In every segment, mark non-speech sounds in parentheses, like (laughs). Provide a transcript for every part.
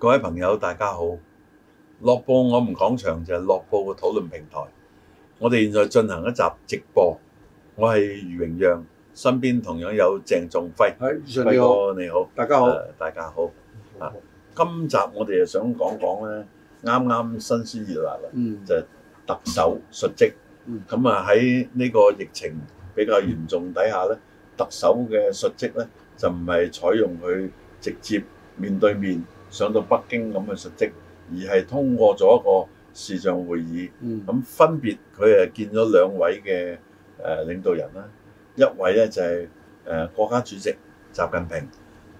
各位朋友，大家好！樂報我哋講場，就係樂報個討論平台。我哋現在進行一集直播。我係余榮陽，身邊同樣有鄭仲輝。係餘尚，你好，大家好。大家好。今集我哋就想講講咧，啱啱新鮮熱辣啦，就係特首述職。咁啊喺呢個疫情比較嚴重底下咧，特首嘅述職咧就唔係採用佢直接面對面。上到北京咁嘅述職，而係通過咗一個視像會議，咁、嗯、分別佢係見咗兩位嘅誒領導人啦，一位咧就係國家主席習近平，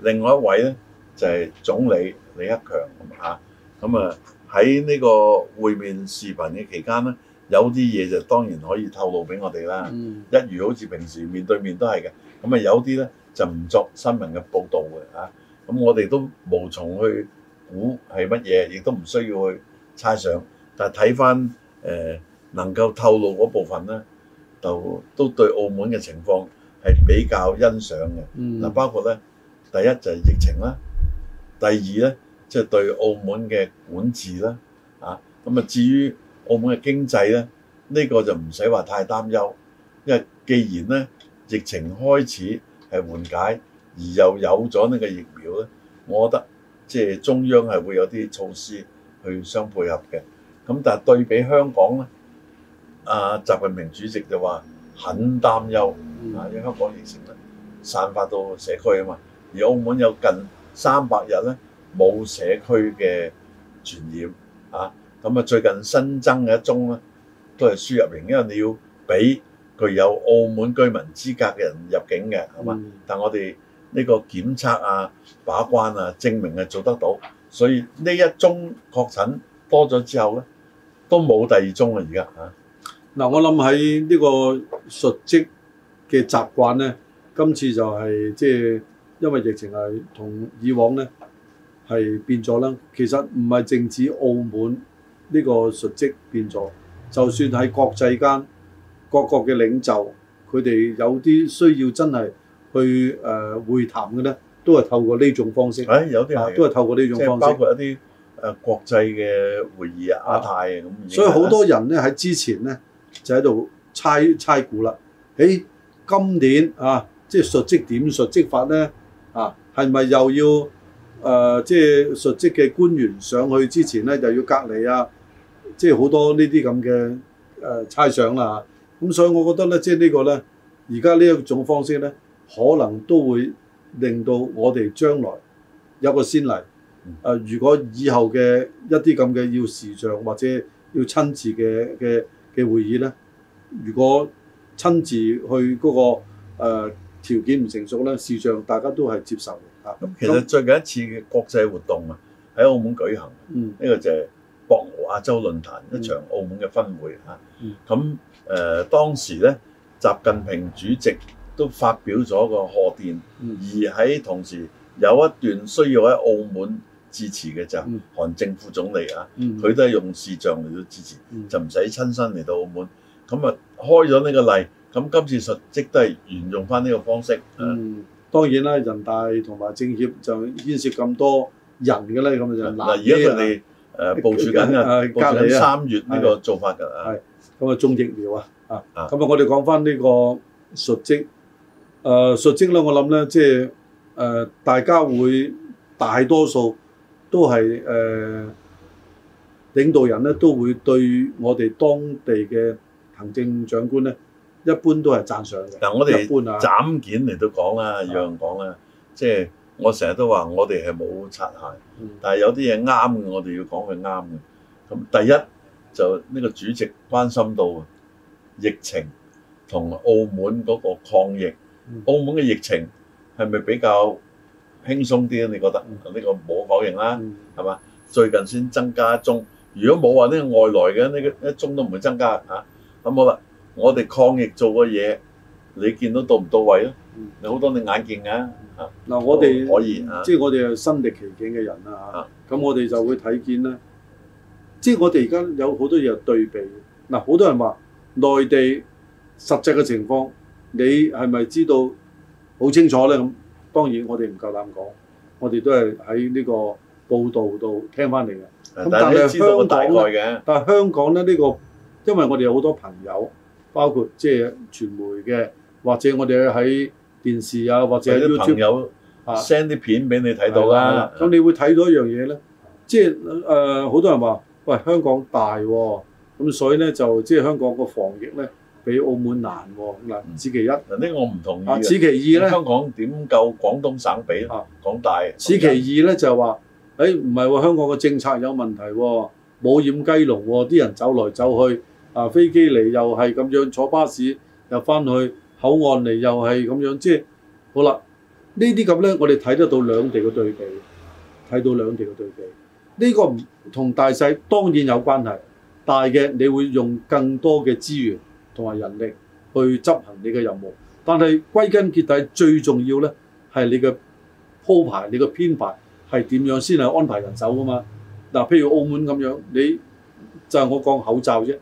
另外一位咧就係總理李克強嚇，咁啊喺呢個會面視頻嘅期間咧，有啲嘢就當然可以透露俾我哋啦、嗯，一如好似平時面對面都係嘅，咁啊有啲咧就唔作新聞嘅報導嘅。咁我哋都無從去估係乜嘢，亦都唔需要去猜想。但係睇返誒能夠透露嗰部分咧，就都對澳門嘅情況係比較欣賞嘅。嗱，包括咧，第一就係疫情啦，第二咧即係對澳門嘅管治啦。啊，咁啊至於澳門嘅經濟咧，呢個就唔使話太擔憂，因為既然咧疫情開始係緩解。而又有咗呢個疫苗咧，我覺得即係中央係會有啲措施去相配合嘅。咁但係對比香港咧，啊習近平主席就話很擔憂啊、嗯，因為香港疫情咧散發到社區啊嘛。而澳門有近三百日咧冇社區嘅傳染啊，咁啊最近新增嘅一宗咧都係輸入型，因為你要俾具有澳門居民資格嘅人入境嘅，係、嗯、嘛？但我哋呢個檢測啊、把關啊、證明啊做得到，所以呢一宗確診多咗之後咧，都冇第二宗喇！而家嗱，我諗喺呢個述職嘅習慣咧，今次就係即係因為疫情係同以往咧係變咗啦。其實唔係淨止澳門呢個述職變咗，就算喺國際間各國嘅領袖，佢哋有啲需要真係，去誒、呃、會談嘅咧，都係透過呢種方式。啊、有啲都係透過呢種方式，就是、包括一啲誒、呃、國際嘅會議啊、亞太啊咁、啊啊。所以好多人咧喺之前咧就喺度猜，猜猜估啦。誒、欸、今年啊，即、就、係、是、述職點、述職法咧啊，係咪又要即係、呃就是、述職嘅官員上去之前咧又要隔離啊？即係好多呢啲咁嘅誒猜想啦、啊。咁所以我覺得咧，即、就、係、是、呢個咧，而家呢一種方式咧。可能都會令到我哋將來有個先例。誒、呃，如果以後嘅一啲咁嘅要視像或者要親自嘅嘅嘅會議呢，如果親自去嗰、那個誒條、呃、件唔成熟呢，視像大家都係接受嘅。啊，咁其實最近一次嘅國際活動啊，喺澳門舉行，呢、嗯這個就係博鰲亞洲論壇、嗯、一場澳門嘅分會啊。咁、嗯、誒、啊呃、當時呢，習近平主席。都發表咗個賀電，而喺同時有一段需要喺澳門支持嘅就、嗯、韓正副總理啊，佢都係用視像嚟到支持，嗯、就唔使親身嚟到澳門。咁啊開咗呢個例，咁今次述職都係沿用翻呢個方式。嗯，當然啦，人大同埋政協就牽涉咁多人㗎咧，咁就嗱、啊，而家佢哋誒部署緊啊，部署緊三月呢個做法㗎啊。係咁啊，種疫苗啊啊。咁啊，我哋講翻呢個述職。誒、呃，述職咧，我諗咧，即係誒，大家會大多數都係誒、呃、領導人咧，都會對我哋當地嘅行政長官咧，一般都係讚賞嘅。嗱、啊啊就是嗯，我哋斬件嚟都講啦，樣講啦，即係我成日都話，我哋係冇擦鞋，但係有啲嘢啱嘅，我哋要講佢啱嘅。咁第一就呢個主席關心到疫情同澳門嗰個抗疫。澳門嘅疫情係咪比較輕鬆啲咧？你覺得？呢、嗯呢個冇否認啦，係嘛？最近先增加一宗，如果冇話呢個外來嘅呢個一宗都唔會增加嚇。咁、啊、好啦，我哋抗疫做嘅嘢，你見到到唔到位咯？你好多你眼見嘅嗱，我哋、啊、即係我哋係身歷其境嘅人啦、啊、咁、啊、我哋就會睇見啦，即係我哋而家有好多嘢對比。嗱、啊，好多人話內地實際嘅情況。你係咪知道好清楚咧？咁當然我哋唔夠膽講，我哋都係喺呢個報道度聽翻嚟嘅。咁但係香港嘅但係香港咧呢個，因為我哋有好多朋友，包括即係傳媒嘅，或者我哋喺電視啊，或者喺 YouTube，或者啲朋友 send 啲片俾你睇到啦、啊。咁你會睇到一樣嘢咧，即係誒好多人話，喂香港大喎，咁所以咧就即係、就係、香港個防疫咧。比澳門難嗱、哦，此其一嗱。呢、嗯、我唔同意。此其二咧，香港點夠廣東省比呢啊？廣大港。此其二咧就係、是、話，誒唔係喎，香港嘅政策有問題喎、哦，冇掩雞籠喎，啲人走來走去啊，飛機嚟又係咁樣，坐巴士又翻去口岸嚟又係咁樣，即係好啦。呢啲咁咧，我哋睇得到兩地嘅對比，睇到兩地嘅對比。呢、這個唔同大細當然有關係，大嘅你會用更多嘅資源。同埋人力去執行你嘅任務，但係歸根結底最重要咧，係你嘅鋪排、你嘅編排係點樣先係安排人手噶嘛？嗱，譬如澳門咁樣，你就係、係、我講口罩啫，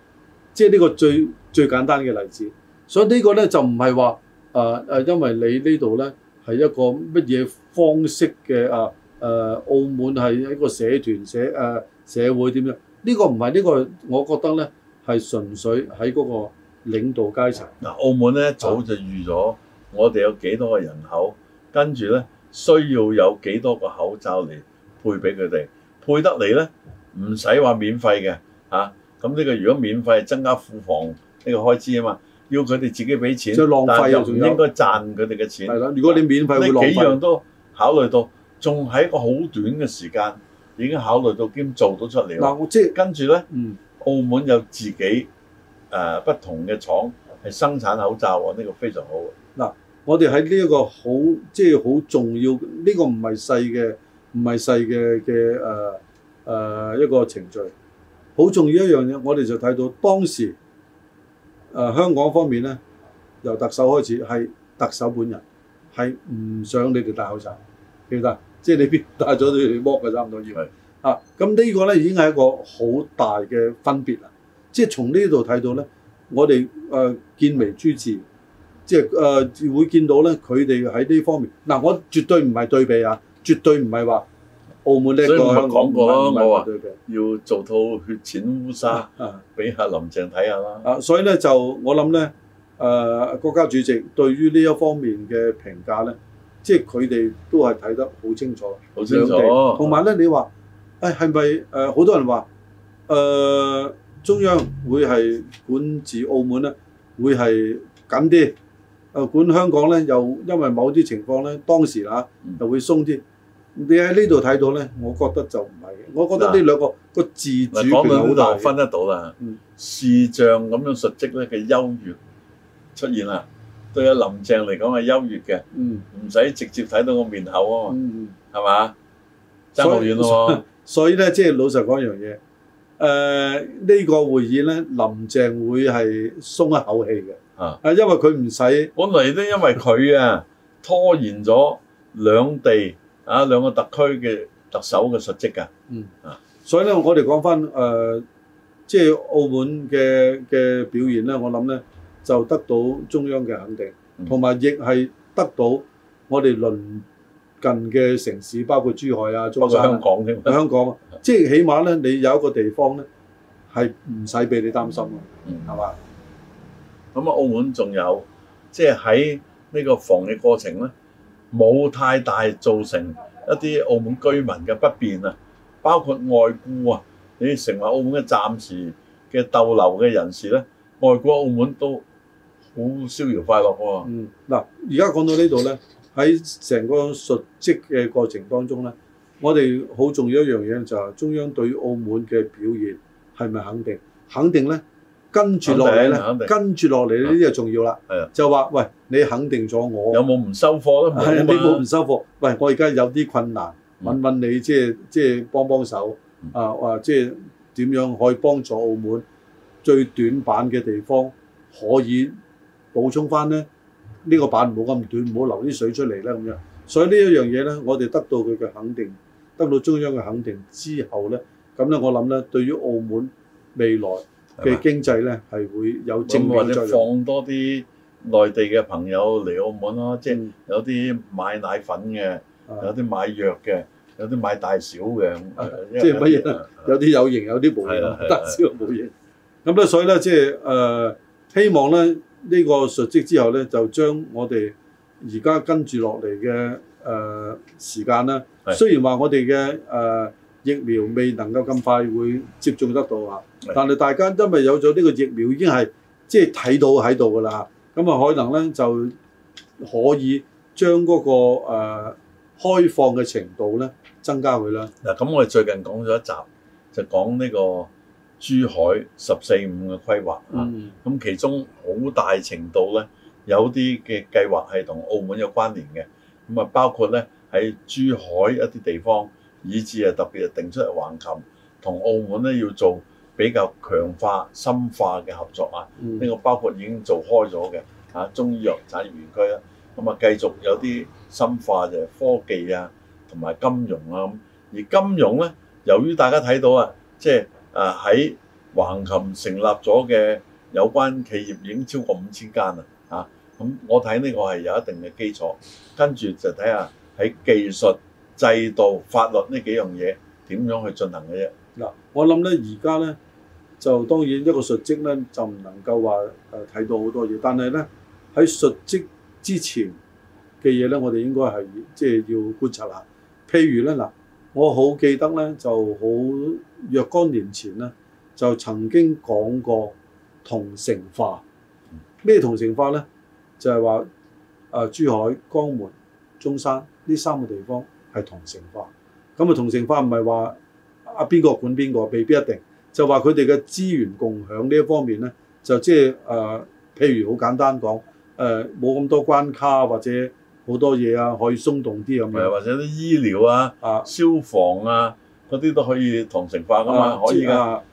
即係呢個最最簡單嘅例子。所以呢個呢個咧就唔係話誒誒，因為你呢呢度咧係一個乜嘢方式嘅啊，誒澳門係一個社團社誒、呃、社會點樣呢、呢個唔係呢個，我覺得咧係純粹喺嗰、嗰個。領導階層嗱，澳門咧早就預咗，我哋有幾多個人口，跟住咧需要有幾多個口罩嚟配俾佢哋，配得嚟咧唔使話免費嘅吓。咁呢個如果免費增加庫房呢個開支啊嘛，要佢哋自己俾錢，就浪費啊，但係又應該賺佢哋嘅錢。係啦，如果你免費，浪費，呢幾樣都考慮到，仲喺一個好短嘅時間已經考慮到兼做到出嚟。即係跟住咧、嗯，澳門有自己。誒、呃、不同嘅廠係生產口罩喎，呢、這個非常好。嗱，我哋喺呢一個好即係好重要，呢、這個唔係細嘅，唔係細嘅嘅誒誒一個程序。好重要的一樣嘢，我哋就睇到當時誒、呃、香港方面咧，由特首開始係特首本人係唔想你哋戴口罩，其實，即、就、係、是、你必戴咗你 mask 嘅差唔多以為啊，咁呢個咧已經係一個好大嘅分別啦。即係從這裡看呢度睇到咧，我哋誒、呃、見微知著，即係誒、呃、會見到咧，佢哋喺呢方面嗱、呃，我絕對唔係對比啊，絕對唔係話澳門呢個，所以咪講過咯，我對比要做套血濺烏紗，俾、啊、下林鄭睇下啦。啊，所以咧就我諗咧誒，國家主席對於呢一方面嘅評價咧，即係佢哋都係睇得好清楚，好清楚。同埋咧，你話誒係咪誒好多人話誒？呃中央會係管治澳門咧，會係緊啲；啊管香港咧，又因為某啲情況咧，當時嚇就會鬆啲。你喺呢度睇到咧，我覺得就唔係。我覺得呢兩個、啊、個自主權好大，分得到啦。視、嗯、像咁樣述職咧嘅優越出現啦，對阿林鄭嚟講係優越嘅，唔、嗯、使直接睇到個面口啊嘛，係、嗯、嘛，爭好遠咯。所以咧，即係老實講一樣嘢。誒呢個會議咧，林鄭會係鬆一口氣嘅，啊，啊，因為佢唔使，本嚟都因為佢啊拖延咗兩地啊兩個特區嘅特首嘅述職㗎，嗯，啊，所以咧我哋講返誒，即係澳門嘅嘅表現咧，我諗咧就得到中央嘅肯定，同埋亦係得到我哋鄰近嘅城市包括珠海啊，包括香港 (laughs) 香港，啊，即係起碼咧，你有一個地方咧係唔使俾你擔心，嗯，係嘛？咁、嗯、啊，澳門仲有，即係喺呢個防疫過程咧，冇太大造成一啲澳門居民嘅不便啊，包括外僑啊，你成為澳門嘅暫時嘅逗留嘅人士咧，外國澳門都好逍遙快樂，啊、嗯，嗱，而家講到呢度咧。喺成個述職嘅過程當中咧，我哋好重要一樣嘢就係中央對於澳門嘅表現係咪肯定？肯定咧，跟住落嚟咧，跟住落嚟呢啲、嗯、就重要啦、嗯。就話喂，你肯定咗我，有冇唔收貨咧？你有冇唔收貨？喂，我而家有啲困難，問問你即係即係幫幫手啊！啊，即係點樣可以幫助澳門最短板嘅地方可以補充翻咧？呢、這個板唔好咁短，唔好流啲水出嚟啦咁樣。所以呢一樣嘢呢，我哋得到佢嘅肯定，得到中央嘅肯定之後呢。咁呢，我諗呢對於澳門未來嘅經濟呢，係會有正運。或者放多啲內地嘅朋友嚟澳門咯，即係有啲買奶粉嘅，有啲買藥嘅，有啲買，買大小嘅、啊。即係乜嘢？有啲有型，有啲冇型，大小冇型。咁呢，啊啊、所以呢，即係、呃、希望呢。呢個述職之後呢，就將我哋而家跟住落嚟嘅誒時間啦。雖然話我哋嘅誒疫苗未能夠咁快會接種得到啊，但係大家因為有咗呢個疫苗，已經係即係睇到喺度㗎啦。咁啊，可能呢，就可以將嗰個誒開放嘅程度呢，增加佢啦。嗱，咁我哋最近講咗一集，就講呢個珠海十四五嘅規劃啊，咁其中。好大程度咧，有啲嘅計劃係同澳門有關聯嘅。咁啊，包括咧喺珠海一啲地方，以至係特別係定出嚟橫琴同澳門咧要做比較強化、深化嘅合作啊。呢、嗯、個包括已經做開咗嘅嚇中醫藥產業園區啦。咁啊，繼續有啲深化嘅、就係、科技啊，同埋金融啊咁。而金融咧，由於大家睇到啊，即係啊喺橫琴成立咗嘅。有關企業已經超過五千間啦，嚇咁我睇呢個係有一定嘅基礎，跟住就睇下喺技術、制度、法律呢幾樣嘢點樣去進行嘅啫。嗱，我諗咧，而家咧就當然一個述職咧就唔能夠話誒睇到好多嘢，但係咧喺述職之前嘅嘢咧，我哋應該係即係要觀察下。譬如咧，嗱，我好記得咧，就好若干年前咧就曾經講過。同城化咩，同城化咧？就係話誒，珠海、江門、中山呢三個地方係同城化。咁啊，同城化唔係話阿邊個管邊個，未必一定。就話佢哋嘅資源共享呢一方面咧，就即係誒，譬如好簡單講，誒冇咁多關卡或者好多嘢啊，可以鬆動啲咁樣，或者啲醫療啊、啊消防啊嗰啲都可以同城化噶嘛，啊，可以噶。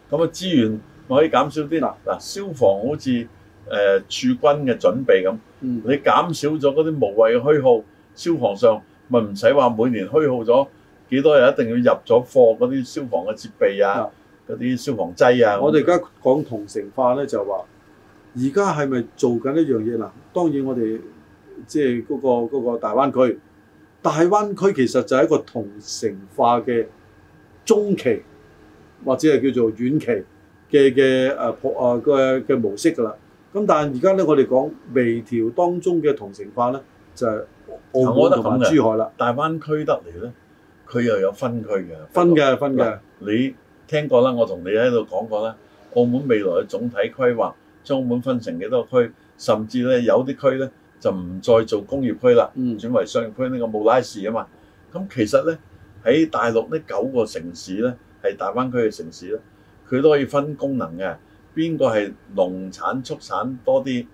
咁啊，資源。我可以減少啲喇。嗱消防好似誒、呃、處軍嘅準備咁、嗯，你減少咗嗰啲無謂嘅虛耗，消防上咪唔使話每年虛耗咗幾多人一定要入咗貨嗰啲消防嘅設備啊，嗰啲消防劑啊。我哋而家講同城化咧，就話而家係咪做緊一樣嘢嗱？當然我哋即係嗰個嗰、嗰個大灣區，大灣區其實就係一個同城化嘅中期或者係叫做遠期。嘅嘅誒葡嘅模式噶啦，咁但係而家咧，我哋講微調當中嘅同城化咧，就係、是、澳門同珠海啦，大灣區得嚟咧，佢又有分區嘅，分嘅分嘅。你聽過啦，我同你喺度講過啦，澳門未來嘅總體規劃將澳門分成幾多區，甚至咧有啲區咧就唔再做工業區啦、嗯，轉為商業區呢、這個慕拉士啊嘛。咁其實咧喺大陸呢九個城市咧係大灣區嘅城市咧。佢都可以分功能嘅，邊個係農產畜產多啲？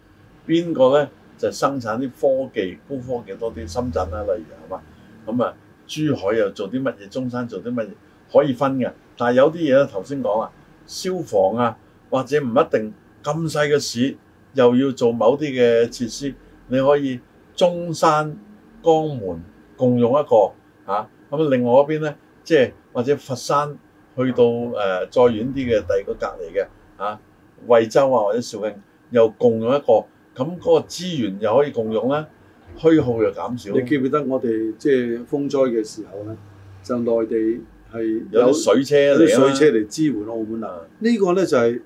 邊個呢？就生產啲科技高科技多啲？深圳啦、啊，例如係嘛咁啊？珠海又做啲乜嘢？中山做啲乜嘢？可以分嘅。但係有啲嘢咧，頭先講啊，消防啊，或者唔一定咁細嘅市又要做某啲嘅設施，你可以中山、江門共用一個嚇，咁、啊、另外嗰邊呢，即係或者佛山。去到誒、呃、再遠啲嘅第二個隔籬嘅啊，惠州啊或者肇慶又共用一個，咁嗰個資源又可以共用啦，虛耗又減少。你記唔記得我哋即係風災嘅時候咧，就內地係有，有水車、啊，有水車嚟支援澳門啊？這個、呢個咧就係、是、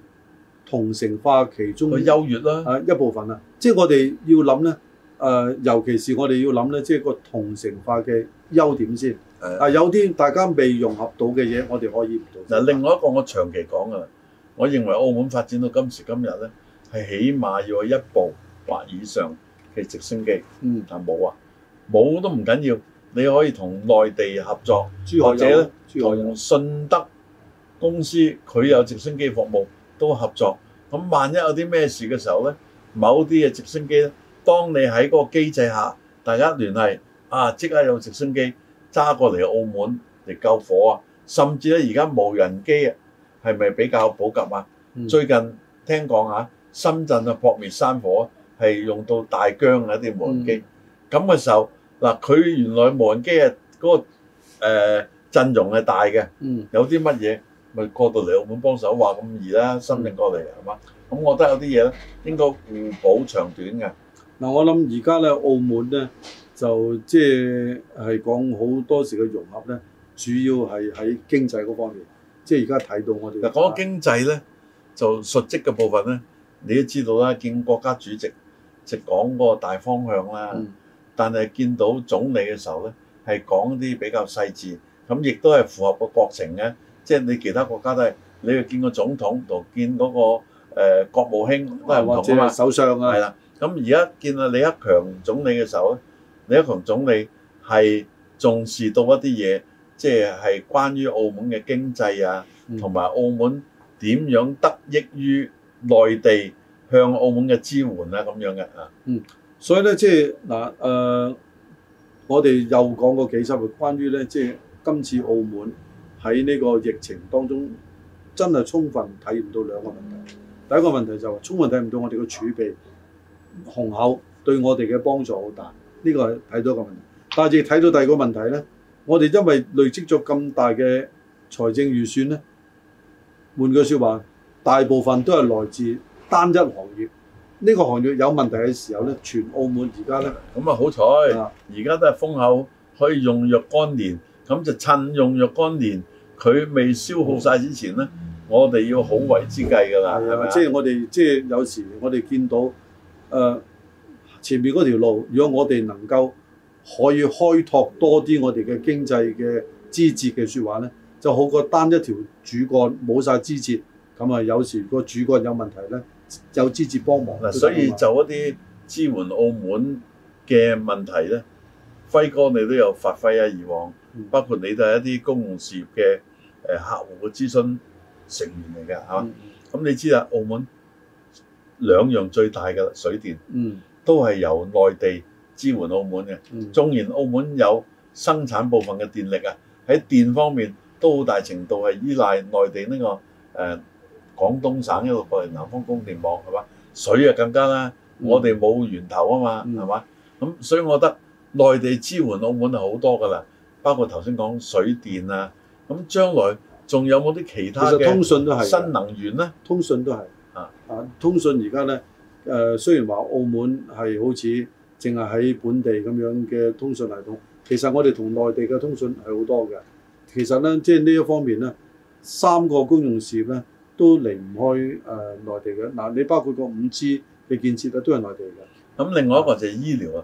同城化其中嘅、那個、優越啦啊，啊一部分啊，即、就、係、是、我哋要諗咧誒，尤其是我哋要諗咧，即係個同城化嘅優點先。啊有啲大家未融合到嘅嘢，我哋可以唔到。嗱，另外一個我長期講嘅，我認為澳門發展到今時今日咧，係起碼要有一部或以上嘅直升機。嗯，但冇啊，冇都唔緊要，你可以同內地合作，或者咧同信德公司佢有直升機服務都合作。咁萬一有啲咩事嘅時候咧，某啲嘅直升機咧，當你喺嗰個機制下，大家聯繫啊，即刻有直升機。揸過嚟澳門嚟救火啊！甚至咧，而家無人機啊，係咪比較普及啊？最近聽講啊，深圳啊撲滅山火係用到大疆嘅一啲無人機。咁嘅時候嗱，佢原來無人機啊嗰個誒陣容係大嘅，有啲乜嘢咪過到嚟澳門幫手？話咁易啦，深圳過嚟係嘛？咁我覺得有啲嘢咧應該互補長短嘅。嗱，我諗而家咧澳門咧。就即係講好多時嘅融合咧，主要係喺經濟嗰方面。即係而家睇到我哋嗱講經濟咧，就述職嘅部分咧，你都知道啦。見國家主席直講嗰個大方向啦，但係見到總理嘅時候咧，係講啲比較細緻。咁亦都係符合個國情嘅。即係你其他國家都係，你去見個總統同見嗰個誒國務卿都係唔同啊嘛。或者首相啊，係啦。咁而家見阿李克強總理嘅時候咧。李克強總理係重視到一啲嘢，即係關於澳門嘅經濟啊，同埋澳門點樣得益於內地向澳門嘅支援啦咁樣嘅啊。嗯，所以咧即係嗱誒，我哋又講過幾十回關於咧即係今次澳門喺呢個疫情當中，真係充分體現到兩個問題。第一個問題就係充分體現到我哋嘅儲備雄厚對我哋嘅幫助好大。呢個係睇到個問題，但係亦睇到第二個問題咧。我哋因為累積咗咁大嘅財政預算咧，換句説話，大部分都係來自單一行業。呢個行業有問題嘅時候咧，全澳門而家咧咁啊好彩，而家都係封口可以用若干年，咁就趁用若干年佢未消耗晒之前咧，我哋要好為之計㗎啦。係即係我哋即係有時我哋見到誒。呃前面嗰條路，如果我哋能夠可以開拓多啲我哋嘅經濟嘅支節嘅説話呢，就好過單一條主幹冇晒支節。咁啊，有時個主幹有問題呢，就有支節幫忙，嗯。所以就一啲支援澳門嘅問題呢，輝哥你都有發揮啊！以往包括你都係一啲公共事業嘅客戶嘅諮詢成員嚟嘅嚇。咁、嗯啊、你知啦，澳門兩樣最大嘅啦，水電。嗯都係由內地支援澳門嘅。縱然澳門有生產部分嘅電力啊，喺電方面都好大程度係依賴內地呢、那個誒、呃、廣東省一路過嚟南方供電網係、嗯、嘛？水啊更加啦，我哋冇源頭啊嘛係嘛？咁所以我覺得內地支援澳門係好多㗎啦，包括頭先講水電啊。咁將來仲有冇啲其他嘅？通訊都係。新能源咧？通訊都係啊，通訊而家咧。誒、呃、雖然話澳門係好似淨係喺本地咁樣嘅通訊系統，其實我哋同內地嘅通訊係好多嘅。其實咧，即係呢一方面咧，三個公用事業咧都離唔開誒、呃、內地嘅嗱、呃。你包括個五 G 嘅建設咧都係內地嘅。咁另外一個就係醫療啊，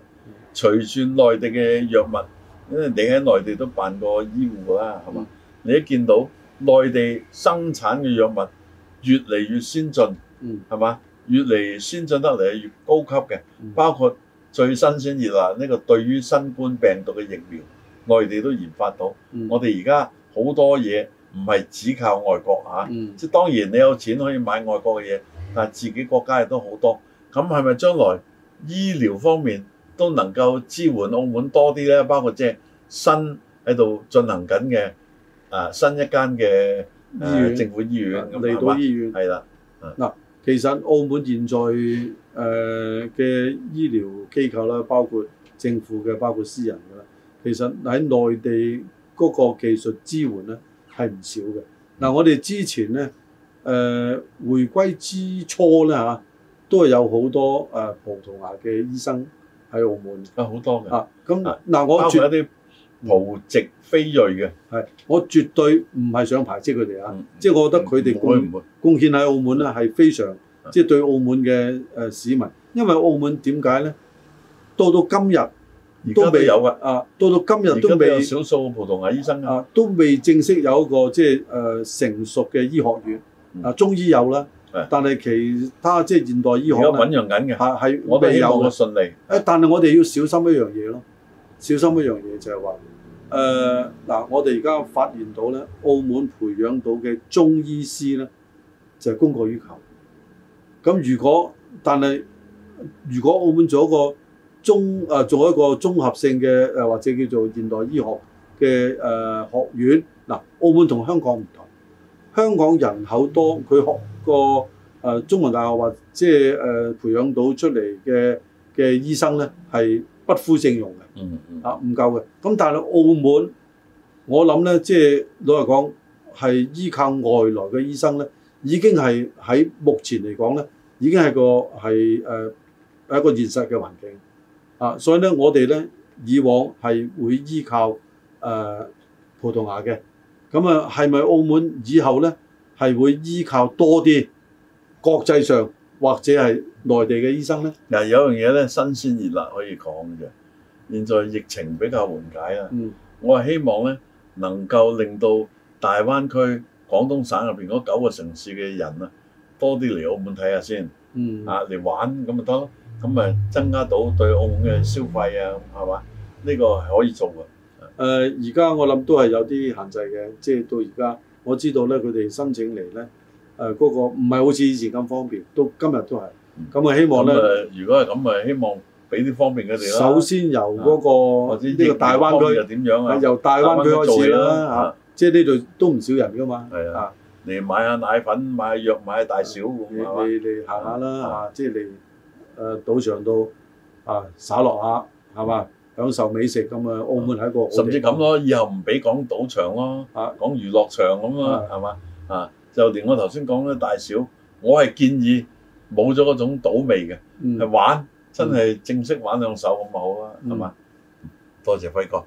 隨、嗯、住內地嘅藥物，因為你喺內地都辦過醫護啦，係嘛、嗯？你一見到內地生產嘅藥物越嚟越先進，係、嗯、嘛？越嚟越先進得嚟，越高級嘅，包括最新鮮熱辣呢、呢個對於新冠病毒嘅疫苗，內地都研發到。嗯、我哋而家好多嘢唔係只靠外國嚇、啊嗯，即係當然你有錢可以買外國嘅嘢，但係自己國家亦都好多。咁係咪將來醫療方面都能夠支援澳門多啲呢？包括即係新喺度進行緊嘅啊，新一間嘅誒、啊、政府醫院的、離島醫院係啦，其實澳門現在誒嘅醫療機構啦，包括政府嘅，包括私人嘅啦。其實喺內地嗰個技術支援咧係唔少嘅。嗱、嗯，我哋之前咧誒回歸之初咧嚇，都係有好多誒葡萄牙嘅醫生喺澳門有好多嘅。咁嗱，包我包埋一葡籍非裔嘅，係我絕對唔係想排斥佢哋啊！嗯、即係我覺得佢哋貢貢獻喺澳門咧係、嗯、非常，即、就、係、是、對澳門嘅誒市民。因為澳門點解咧？到到今日都未都有嘅，啊！到到今日都未沒有少數嘅葡萄牙醫生啊，啊，都未正式有一個即係誒、呃、成熟嘅醫學院、嗯、啊，中醫有啦、嗯，但係其他即係現代醫學咧，的啊、是有揾樣揾嘅，係係我哋有望佢順利。誒、啊，但係我哋要小心一樣嘢咯，小心一樣嘢就係話。誒、呃、嗱，我哋而家發現到咧，澳門培養到嘅中醫師咧，就係、是、供過於求。咁如果，但係如果澳門做一個綜誒、啊、做一個綜合性嘅誒或者叫做現代醫學嘅誒、呃、學院，嗱、呃，澳門同香港唔同，香港人口多，佢學個誒、呃、中文大學或即係誒培養到出嚟嘅嘅醫生咧係。是不敷應用嘅，啊唔夠嘅，咁但係澳門，我諗咧，即係老實講，係依靠外來嘅醫生咧，已經係喺目前嚟講咧，已經係個係誒一個現實嘅環境，啊，所以咧我哋咧以往係會依靠誒葡萄牙嘅，咁啊係咪澳門以後咧係會依靠多啲國際上，或者係內地嘅醫生呢，嗱有樣嘢呢，新鮮熱辣可以講嘅。現在疫情比較緩解啦、嗯，我係希望呢，能夠令到大灣區廣東省入邊嗰九個城市嘅人啊、嗯、啊，多啲嚟澳門睇下先，啊嚟玩咁咪得咯，咁咪增加到對澳門嘅消費啊，係嘛？呢個係可以做嘅。誒、呃，而家我諗都係有啲限制嘅，即係到而家我知道呢，佢哋申請嚟呢。誒、呃、嗰、那個唔係好似以前咁方便，到今日都係。咁、嗯嗯、我希望咧，如果係咁，咪希望俾啲方便嘅嘢啦。首先由嗰、那個呢、啊這個大灣區、這個、又點樣啊？由大灣區開始啦，嚇、啊啊！即係呢度都唔少人噶嘛，嚇、啊！嚟、啊啊、買下奶粉，買下藥，買下大小咁你哋行、啊啊、下啦，嚇、啊啊啊！即係嚟誒賭場度啊耍落下，係嘛？享受美食咁啊！澳門係一個好甚至咁咯，以後唔俾講賭場咯，講娛樂場咁啊，係嘛？啊！就連我頭先講嘅大小，我係建議冇咗嗰種賭味嘅，係、嗯、玩真係正式玩兩手咁好啦，係、嗯、嘛？多謝輝哥。